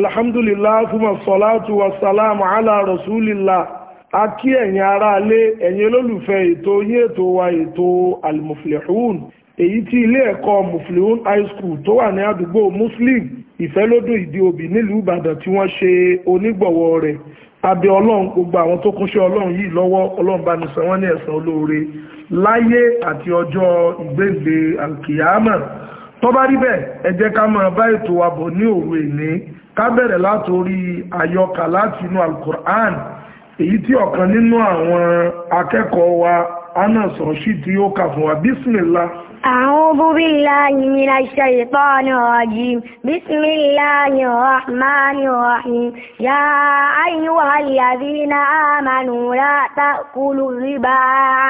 alhamdulillah fúnmọ̀ sọ́látù wasalamu ala rasulillah a kí ẹ̀yin ará alé ẹ̀yin olólùfẹ́ ètò yí ètò wa ètò almuflihun èyí tí ilé ẹ̀kọ́ muflihun high school tó wà ní àdúgbò muslim ìfẹ́lódún ìdí òbí nílùú ìbàdàn tí wọ́n ṣe onígbọ̀wọ́ rẹ̀ abẹ ọlọ́run gbogbo àwọn tó kúnṣẹ́ ọlọ́run yìí lọ́wọ́ ọlọ́run bá ní san ní ẹ̀san olóore láyé àti ọjọ́ ìgbéǹde alkiyama tó bá rí bẹ́ẹ̀ ẹ jẹ́ ká máa bá ètò àbọ̀ ní òwe ní ká bẹ̀rẹ̀ látorí àyọkà láti inú alukur'an èyí tí ọ̀kan nínú àwọn akẹ́kọ̀ọ́ wa anas rashid tí ó kà fún wa bísmìlá. a'udhu billahi minash shaytanir rajim bismillahir rahmanir rahim ya ayyuhal ladhina amanu la ta'kulu riba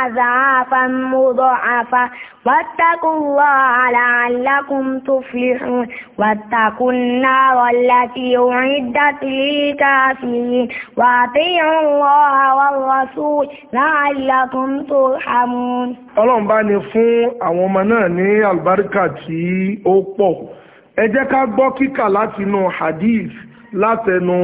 adhafan mudha'afa واتقوا الله لعلكم تفلحون واتقوا النار التي أعدت للكافرين وأطيعوا الله والرسول لعلكم ترحمون ọlọ́run bá ní fún àwọn ọmọ náà ní àlùbáríkà tí ó pọ̀ ẹ jẹ́ ká gbọ́ kíkà látinú hadith látẹnu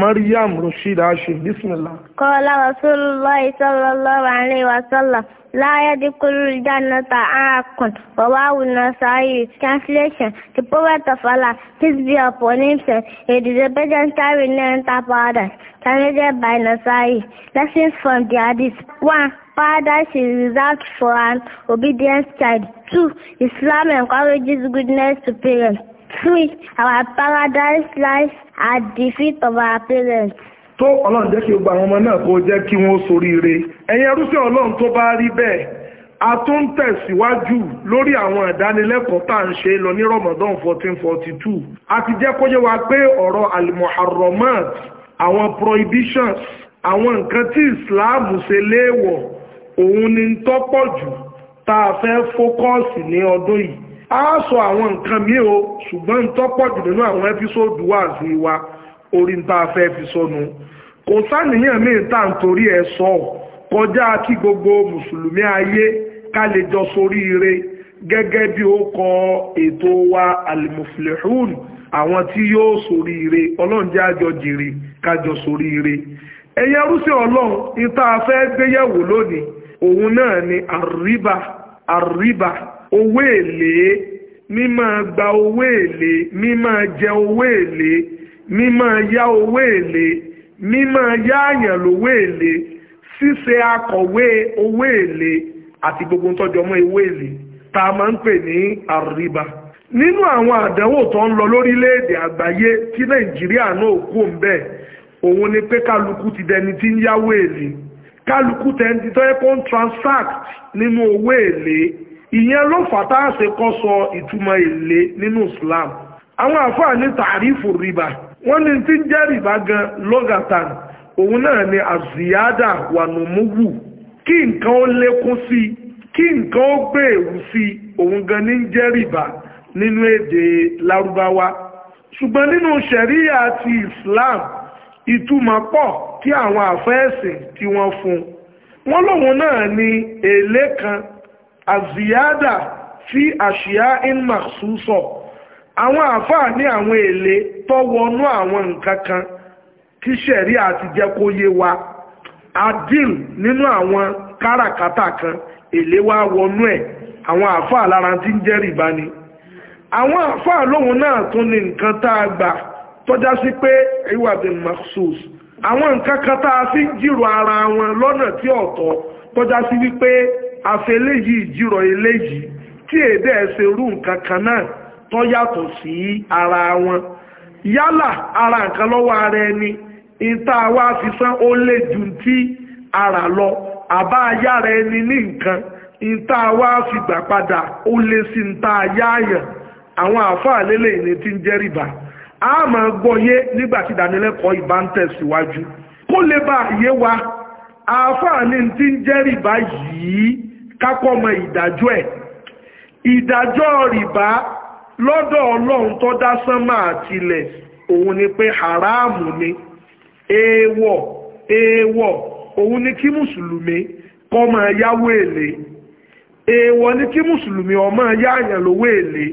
Maryam Rashida ṣe bísmìlá. Kọ́lá Rasulullahi sallallahu alaihi wa sallam láyé díkùrú jánata ààkùn wàwáwù náà sáyé translation the prophet of Allah peace be upon him said a disobedient renewal paradise translated by Nasai lessons from the hadith one paradise is reserved for an obedient child two Islam encourages goodness to parents treat our paradise life at the feet of our parents. tó ọlọ́run jẹ́ kí gbogbo àwọn ọmọ náà kó jẹ́ kí wọ́n ṣoríire ẹ̀yin ẹrúsìn ọlọ́run tó bá rí bẹ́ẹ̀ a tún tẹ̀síwájú lórí àwọn ìdánilẹ́kọ̀ọ́ tá à ń ṣe lọ ní Ramadan 1442 a ti jẹ́ kó yé wa pé ọ̀rọ̀ almuharramat àwọn prohibitions àwọn nǹkan tí Islam ṣe léèwọ̀ òun ni ń tọ́pọ̀ jù tá a fẹ́ fókọ́ọ̀sì ní ọdún yìí a sọ àwọn nǹkan míì o ṣùgbọ́n tọ́pọ̀ jù nínú àwọn ẹ́písòdù wà wa orí ń fẹ́ fi sọnù kò sáníyàn míì tá gbogbo mùsùlùmí ayé ká lè jọ ire gẹ́gẹ́ bí ó kọ ètò wa alimuflehun àwọn tí yóò sórí ire ọlọ́run jẹ́ àjọ jèrè ire ẹ̀yẹ rúṣẹ́ ọlọ́run ìta fẹ́ gbéyẹ̀wò lónìí òun owó èlé mímọ́ gba owó èlé mímọ́ jẹ owó èlé mímọ́ yá owó èlé mímọ́ yáàyàn lówó èlé ṣíṣe akọ̀wé owó èlé àti gbogbo tọ́jọ́ mọ́ owó èlé tá a máa ń pè ní àríbá nínú àwọn àdánwò tó ń lọ lórílẹ̀-èdè àgbáyé tí nàìjíríà náà kú ń bẹ̀ òun ni pé kálukú ti dẹni tí ń yáwó èlé kálukú tẹ́ntì tó yẹ kó ń transact nínú owó èlé ìyẹn ló fàtà àṣẹ kọ́ sọ ìtumọ̀ èlé nínú Islam àwọn àfáà ní tàrífù rìbá wọ́n ní tí ń jẹ́ rìbá gan lọ́gàtàn òun náà ni àzìyádà wà nùmúwù kí nǹkan ó lékún sí i kí nǹkan ó gbé èwù sí i òun gan ní ń jẹ́ rìbá nínú èdè lárúbáwá ṣùgbọ́n nínú ṣẹ̀ríyà ti Islam ìtumọ̀ pọ̀ tí àwọn àfẹ́ẹ̀sìn tí wọ́n fún un lòun náà ni èlé kan àzìyádà fi àṣìyá inma sùsọ̀ àwọn àáfàá ní àwọn èlé tó wọnú àwọn nǹkan kan tí sẹ̀rí àti jẹ́ kó yé wa adil nínú àwọn káràkátà kan èlé wa wọnú ẹ̀ àwọn àáfàá lára tí ń jẹ́ rìbá ni àwọn àáfàá lóhun náà tún ní nǹkan tá a gbà tọ́já sí pé ìwàdìn maxus àwọn nǹkan kan tá a fi ń jírò ara wọn lọ́nà tí ọ̀tọ̀ tọ́já sí wípé Afeleji ìjírọ̀ eléyìí tí èdè ẹ̀sẹ̀ rú nǹkan kan náà tó yàtọ̀ sí ara wọn yálà ara nǹkan lọ́wọ́ ara ẹni ìta wa fi san ó lè jù tí ara lọ àbá ayára ẹni ní nǹkan ìta wa fi gbà padà ó lè sí ìta ayáàyàn àwọn àáfàá lélẹ̀ ìní tí ń jẹ́ rìbá a máa gbọ́yé nígbà tí ìdánilẹ́kọ̀ọ́ ìbá ń tẹ̀síwájú kó lè bá yé wa àáfàá ní ti ń jẹ́ yìí kápọ̀ mọ ìdájọ́ ẹ̀ ìdájọ́ rìbá lọ́dọ̀ ọlọ́run tó dá sánmà àtilẹ̀ òun ni pé haramu ni èèwọ̀ èèwọ̀ òun ni kí mùsùlùmí kó máa yáwó èlé èèwọ̀ ni kí mùsùlùmí ó máa yáàyàn lówó èlé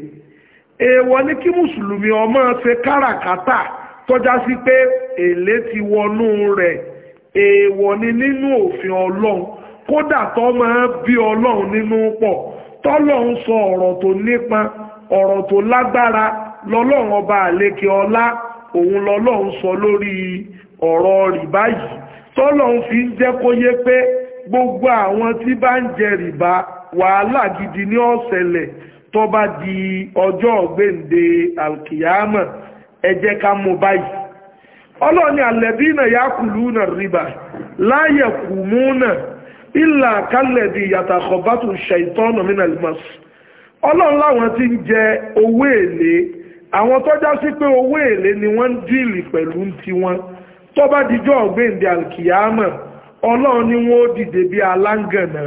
èèwọ̀ ni kí mùsùlùmí ó ṣe káràkátà tọ́já sí pé èlé ti wọnú rẹ̀ èèwọ̀ ni nínú òfin ọlọ́run kódà tó máa bí ọlọ́run nínú pọ̀ tọ́lọ́run sọ ọ̀rọ̀ tó nípa ọ̀rọ̀ tó lágbára lọ́lọ́run ọba àlékè ọlá òun lọ́lọ́run sọ lórí ọ̀rọ̀ rìbá yìí tọ́lọ́run fi ń jẹ́ kó yé pé gbogbo àwọn tí bá ń jẹ rìbá wàhálà gidi ní ó ṣẹlẹ̀ tó bá di ọjọ́ ọ̀gbẹ́ǹde alkiyama ẹ jẹ́ ká mú báyìí ọlọ́ni àlẹ́bí náà yá kùlú náà rìbá láyẹ̀kùmú náà ìlà kálẹ̀dì yàtàkọ̀bátù ṣàìtọ́nà mínà lmas ọlọ́run láwọn tí ń jẹ owó èlé àwọn tọ́já sí pé owó èlé ni wọ́n ń díìlì pẹ̀lú tiwọn tó bá dijọ́ ọ̀gbẹ́ǹde alkiyama ọlọ́run ni wọ́n ó dìde bí aláǹgànà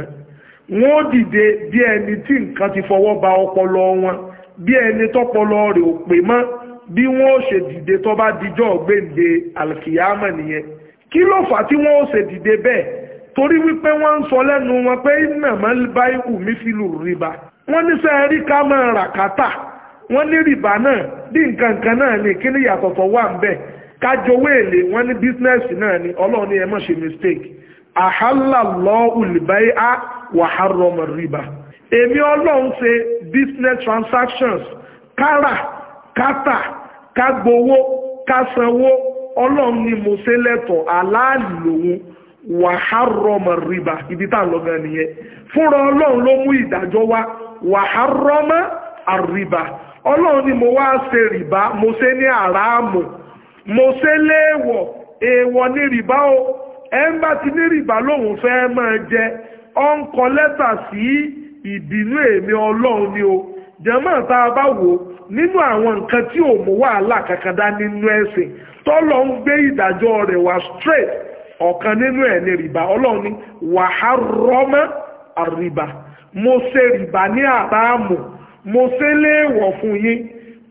wọ́n ó dìde bí ẹni tí nǹkan ti fọwọ́ ba ọpọlọ wọn bí ẹni tọpọlọ rẹ̀ ò pè mọ́ bí wọ́n ó ṣe dìde tó bá dijọ́ ọ̀gbẹ́ǹde alkiyama nìyẹn kí ló fà tí wọ́n ó ṣe dìde bẹ́ẹ̀ torí wípé wọ́n ń sọ lẹ́nu wọn pé ìnàmọ́ bá fi lù rìbá wọ́n ní sẹ́ rí ká máa rà kátà wọ́n náà bí nǹkan náà ní kí ni ìyàtọ̀tọ̀ wà ń bẹ̀ kájọ wéèlè wọ́n ní bísínẹ́sì ni ọlọ́run ní ẹ mistake àhálà á rìbá èmi ọlọ́run ṣe business transactions kátà ọlọ́run ni mo ṣe lẹ́tọ̀ọ́ lòun wàhárọ̀mọ̀ rìbá ibi tá à lọ gan nìyẹn fúnra ọlọ́run ló mú ìdájọ́ wá wàhárọ̀mọ̀ àrìbá ọlọ́run ni mo wá ṣe rìbá mo ṣe ní àràámù mo ṣe léèwọ̀ èèwọ̀ ní o ẹ̀ńbà ti ní lòun fẹ́ máa jẹ ọ ń kọ lẹ́tà sí ìbínú èmi ọlọ́run ni o jẹ́mọ́ tá a bá wò nínú àwọn nǹkan tí ò mú ọ̀kan nínú ẹ̀ ní rìbá ọlọ́run ní wàhárọ́mọ́ àrìbá mo ṣe rìbá ní àbáàmù mo ṣe léèwọ̀ fún yín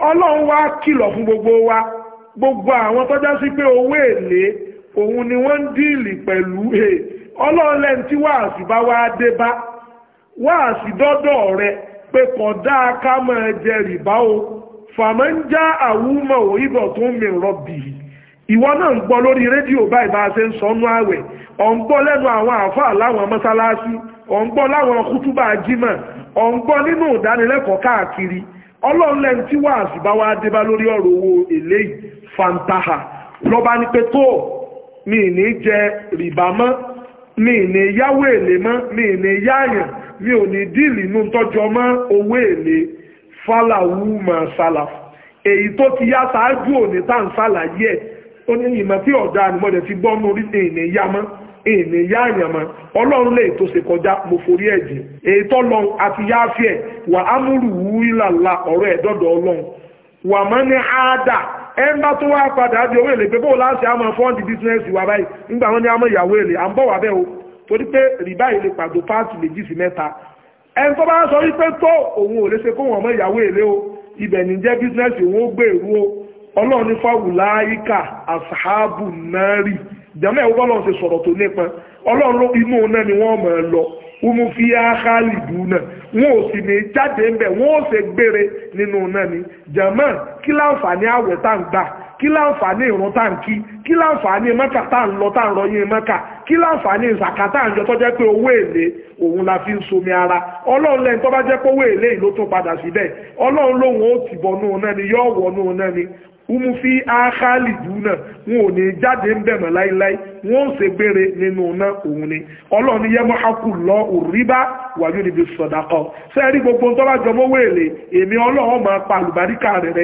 ọlọ́run wá kìlọ̀ fún gbogbo wa gbogbo àwọn tọ́já sí pé owó èlé òun ni wọ́n ń díìlì pẹ̀lú he ọlọ́run lẹ́ni tí wàásì bá wá dé bá wàásì dọ́dọ̀ rẹ pé kódà ká máa jẹ rìbá o fàmọ́ ń já àwùmọ̀ òyìnbọ̀ tó ń mìíràn bìí ìwọ náà ń gbọ́ lórí rédíò báyìí bá a ṣe ń sọnú àwẹ̀ ọ̀ ń gbọ́ lẹ́nu àwọn àáfàá láwọn mọ́sálásí ọ̀ ń gbọ́ láwọn kútúbà jímọ̀ ọ̀ ń gbọ́ nínú ìdánilẹ́kọ̀ọ́ káàkiri ọlọ́run lẹ́nu tí wàá àṣìbá wa dé bá lórí ọ̀rọ̀ owó èlé fantaha lọ́ba ní pé tó mi ní jẹ rìbá mọ́ mi ní yáwó èlé mọ́ mi ní yáàyàn mi ò ní díìlì inú tọ́jọ mọ́ owó èlé fálàwù mà sálà èyí tó ti yá ṣáájú òní tá à ń ṣàlàyé ẹ̀ onye ìmọ̀ tí ọ̀dà ànìmọ́dẹ̀ fi gbọ́ nù oríṣi èèyàn ìyá mọ́ èèyàn ìyá àyàn ọlọ́run lè tó ṣe kọjá mo forí ètò ọlọ́run àti yááfíẹ̀ wà á múlù wúlàlà ọ̀rọ̀ ẹ̀dọ́dọ̀ ọlọ́run wà mọ́ ní áádà tó wá padà di owó èlé pé láti bísínẹ́sì báyìí nígbà wọn ni ìyàwó èlé à ń bọ̀ o torí pé rìbá o ibẹ̀ ní jẹ́ bísínẹ́sì òun ó ọlọ́run ní fáwùlá ayíkà asahabu nari jàmọ́ ẹ̀wọ́ bọ́lọ̀ ṣe sọ̀rọ̀ tó nípa ọlọ́run inú náà ni wọ́n máa lọ wọ́n fi áhálì dùn náà wọ́n ò sì ní jáde ńbẹ̀ wọ́n ò ṣe gbére nínú náà ni jàmọ́ kí láǹfààní àwẹ̀ tá ń gbà kí láǹfààní ìrun tá ń kí kí láǹfààní mẹ́kà tá ń lọ tá ń rọyìn mẹ́kà kí láǹfààní ìsàkà tá ń yọ tó jẹ́ pé owó èlé òun la fi ń somi ara ọlọ́run lẹ́yìn tó bá jẹ́ pé owó èlé ìlú tó padà síbẹ̀ ọlọ́run lòun ó tìbọnú náà ni yóò wọnú náà ni umu fi áhálì dùn náà wọn ò ní jáde ń bẹ̀mọ̀ láíláí wọ́n ṣe gbére nínú iná òun ni ọlọ́run ní yẹ́mọ́ akú lọ òrìbá níbi gbogbo tó bá jọ èmi ọlọ́run máa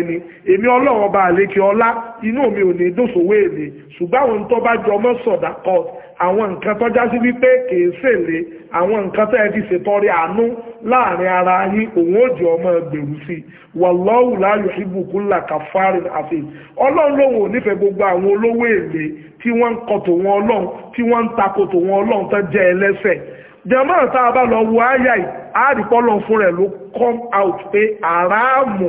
ni èmi ọlọ́run bá àlékè ọlá inú mi ò ní dòṣò wéèlè ṣùgbọ́n àwọn tó bá jọ mọ́ sọ̀dàkọ àwọn nǹkan tó já wípé kìí ṣèlè àwọn nǹkan tó fi àánú láàrin ara yín òun ọmọ gbèrú sí i wàlọ́wù tí wọ́n ń kọ tòun ọlọ́run tí wọ́n ń takò tòun ọlọ́run tó jẹ́ ẹlẹ́sẹ̀ jẹ́mọ́ tá a bá lọ wo àyà yìí àádìpọ́lọ̀ fún rẹ̀ ló come out pé àràámù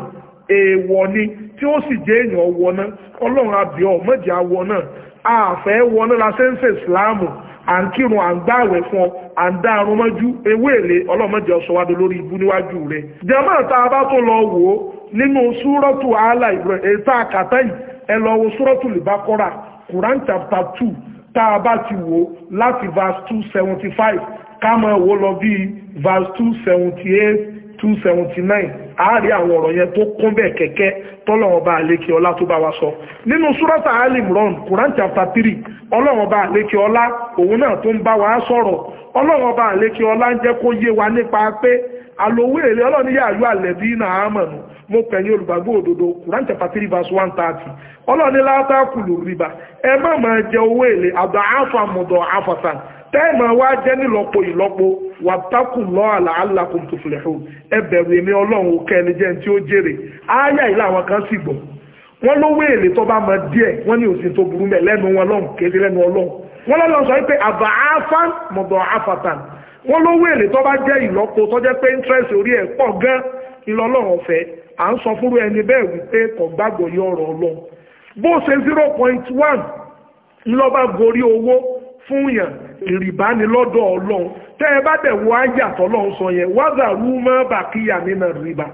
èèwọ̀ ni tí ó sì jẹ́ èèyàn wọná ọlọ́run abìọ́ mọ́jì awọ náà àfẹ́ wọná la ṣe ń ṣe ìsìláàmù à ń kírun à ń gbààwẹ̀ fún ọ à ń dárun mọ́jú ewé èlé ọlọ́mọdé ọ̀ṣọ́wádó lórí ibú níwájú rẹ̀ jẹ́mọ́ tá a bá tó lọ wò ó nínú súrọ́tù àálà ìbúrẹ̀ èyí tá yìí ẹ lọ wo súrọ́tù lìbákọ́rà Quran chapter two bá ti wò láti verse two seventy five ká máa wò lọ bí verse two seventy eight two seventy nine àárí àwọn ọ̀rọ̀ yẹn tó kún bẹ́ẹ̀ kẹ̀kẹ́ ọba ọlá tó bá wa sọ nínú alimron ọba ọlá òun náà tó ń bá wa sọ̀rọ̀ ọlá ń jẹ́ kó yé wa nípa pé yà yọ àlẹ́bí náà á mo pẹ̀yìn olùgbàgbọ́ òdodo Quran chapter three verse one thirty ọlọ́ọ̀ni látàkùlù rìbá ẹ má máa jẹ owó èlé àgbà áfà mọ̀dọ̀ áfàtàn tẹ́ẹ̀mà wá jẹ́ nílọ́po ìlọ́po wà tákù lọ́ àlàálà kò tó filẹ̀ fún ẹ bẹ̀rù èmi ọlọ́run òkè ẹni jẹ́ tí ó jèrè ááyà ìlà àwọn kan sì gbọ̀ wọ́n ló wé èlé tó bá mọ díẹ̀ wọ́n ní òsì tó burú mẹ́ lẹ́nu wọn lọ́hùn kéde lẹ́nu ọlọ́hùn wọ́n lọ́lọ́ sọ pé àbà áfán mọ̀dọ̀ áfàtàn wọ́n ló wé èlé tó bá jẹ́ ìlọ́po tó jẹ́ pé interest orí ẹ̀ pọ̀ gan-an ọ̀fẹ́ à ń sọ fúnrú ẹni bẹ́ẹ̀ wípé kò gbàgbọ́ yọ ọ̀rọ̀ lọ bó ṣe zero point one ńlọ́ba gorí owó fún yàn ìrìbá ni lọ́dọ̀ ọlọ́run tẹ́ ẹ bá dẹ̀ wọ ayà tọ́lọ́run sọ yẹn wàzà rúmọ́ bàkíyà nínú rìbá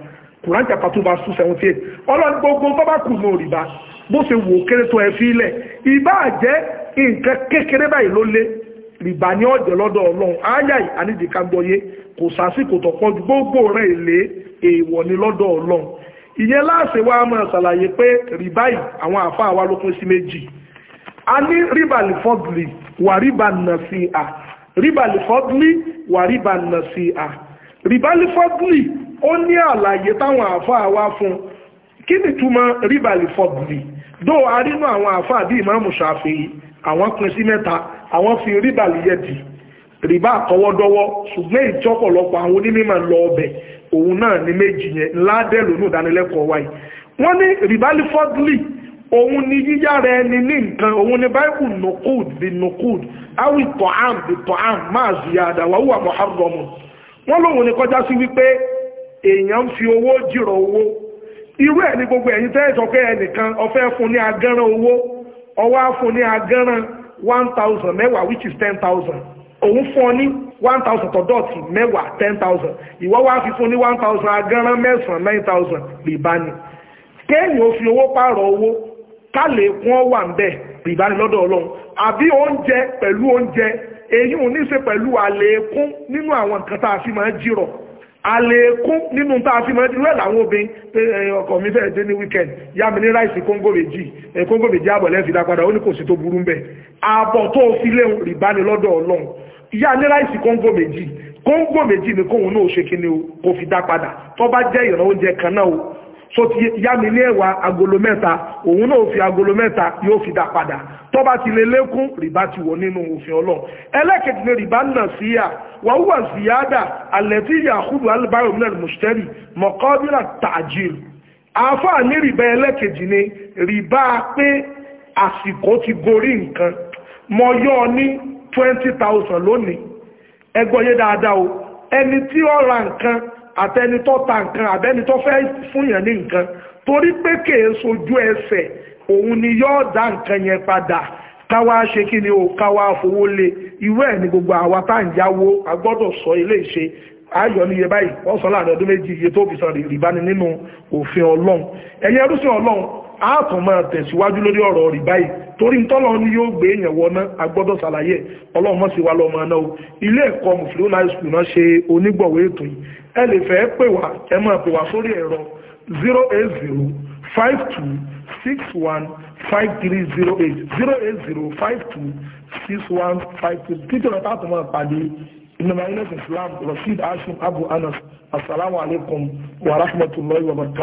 kùrán chapter two verse two seventy eight ọlọ́run gbogbo tó bá kù ní rìbá bó ṣe wò kéré tó ẹ fi ilẹ̀ ìbá jẹ́ nǹkan kékeré báyìí ló lé rìbá ní ọ̀jẹ̀ lọ́dọ̀ ọlọ́run ayà yìí àníjìká gbọ́yé kò sásìkò tọ̀pọ̀ gbogbo rẹ̀ èlé èèwọ̀ ni lọ́dọ̀ ọlọ́run ìyẹn láàṣẹ wa máa ṣàlàyé pé rìbá yìí àwọn àfáà wa ló pín sí méjì a ní rìbá lè fọ́dùlì wà rìbá nà sí à rìbá lè fọ́dùlì wà rìbá nà sí à rìbá lè fọ́dùlì ó ní àlàyé táwọn àfáà wa fún kí ni túmọ̀ rìbá lè fọ́dùlì dó arínú àwọn àfáà bíi ìmáàmù Ṣàfi'í àwọn pín sí mẹ́ta àwọn fi rìbá yẹ di rìbá àtọwọ́dọ́wọ́ ṣùgbọ́n ìtí àwọn onímọ̀ lọ ọbẹ̀ òun náà ni méjì yẹn ládẹ́ lónú ìdánilẹ́kọ̀ọ́ wáyé wọ́n ní ribali fọ́dúlì òun ni yíyá rẹ ni ní nǹkan òun ni báyìí nukud bí nukud awi tọ́ám bí tọ́ám máa ziyada wà wúwà muharramun wọ́n lóun ni kọjá sí wípé èèyàn fi owó jìrọ̀ owó irú ẹ̀ ní gbogbo ẹ̀yin tẹ́ sọ pé ẹnìkan ó fẹ́ fún ní agánran owó ó wá fún ní agánran one thousand mẹ́wàá which is ten thousand òun fún ọ ní one thousand tọ́dọ̀tì mẹ́wàá ten thousand ìwọ wá fi fún ní one thousand agánrán mẹ́sàn nine thousand rìbá ni kéèyàn ó fi owó pààrọ̀ owó ká lè kún ọ wà ń bẹ̀ rìbá ni lọ́dọ̀ ọlọ́run àbí oúnjẹ pẹ̀lú oúnjẹ èyí ò ní í ṣe pẹ̀lú àlékún nínú àwọn nǹkan tá a fi máa jírọ̀ àlékún nínú tá a fi mọ́ ẹ̀dínwó làwọn obìnrin pé ọkọ mi fẹ́ dé ní weekend yá mi ní ráìsì kóńgò méjì kóńgò méjì àbọ̀ lẹ́fì dápadà ó ní kò sí tó burú mbẹ̀ ààbọ̀ tó fi léhùn rìbá ni lọ́dọ̀ ọlọ́run yá ní ráìsì kóńgò méjì kóńgò méjì ni kóhun náà ṣe kíni o kò fi dápadà tó bá jẹ́ ìran oúnjẹ kan náà so ti yá mi ní ẹ̀wà agolo mẹ́ta òun náà fi agolo mẹ́ta yóò fi dá padà tó bá ti lè lékún rìbá ti wọ̀ nínú òfin ọlọ́run ẹlẹ́kẹ̀ẹ́dì ni rìbá náà sí yà wà wúwà sí yá dà àlẹ́tí yà kúrò alùbáyọ̀ mílẹ̀ mùsítẹ́rì mọ̀kọ́bílà tààjìl àáfàá ní rìbá ẹlẹ́kẹ̀ẹ́dì ni rìbá pé àsìkò ti gorí nǹkan mọ yọ ọ ní twenty thousand lónìí ẹgbọ́n yé dáadáa o ẹni tí ó ra nǹkan àtẹni tó ta nǹkan àbẹ́ni tó fẹ́ fúnyàn ní nǹkan torí pé kèé sojú ẹsẹ̀ òun ni yóò dá nǹkan yẹn padà káwá ṣe kí ni o káwá fowó lé ìwé ẹ̀ ní gbogbo àwa tá à ń yáwó a gbọ́dọ̀ sọ ilé ìṣe ayọ̀ níye báyìí wọ́n sọ láàrin ọdún méjì iye tó fi sọ rìbá ni nínú òfin ọlọ́run ẹ̀yin ẹrúsìn ọlọ́run àátùn máa tẹ̀síwájú lórí ọ̀rọ̀ rí báyìí torí tọ́lọ ní yóò gbé èèyàn wọná agbọ́dọ̀ ṣàlàyé ọlọ́mọ sí wa lọ́mọ náà ilé ẹ̀kọ́ mùsùlùmí high school náà ṣe onígbọ̀wé ètò yìí ẹ lè fẹ́ pè wá ẹ máa pè wá sórí ẹ̀rọ 080 títí lọ́tà tó máa pàdé ìnáwó islam rasheed hashim abu anas assalamu alaikum wa rahmatullahi wa barakatuh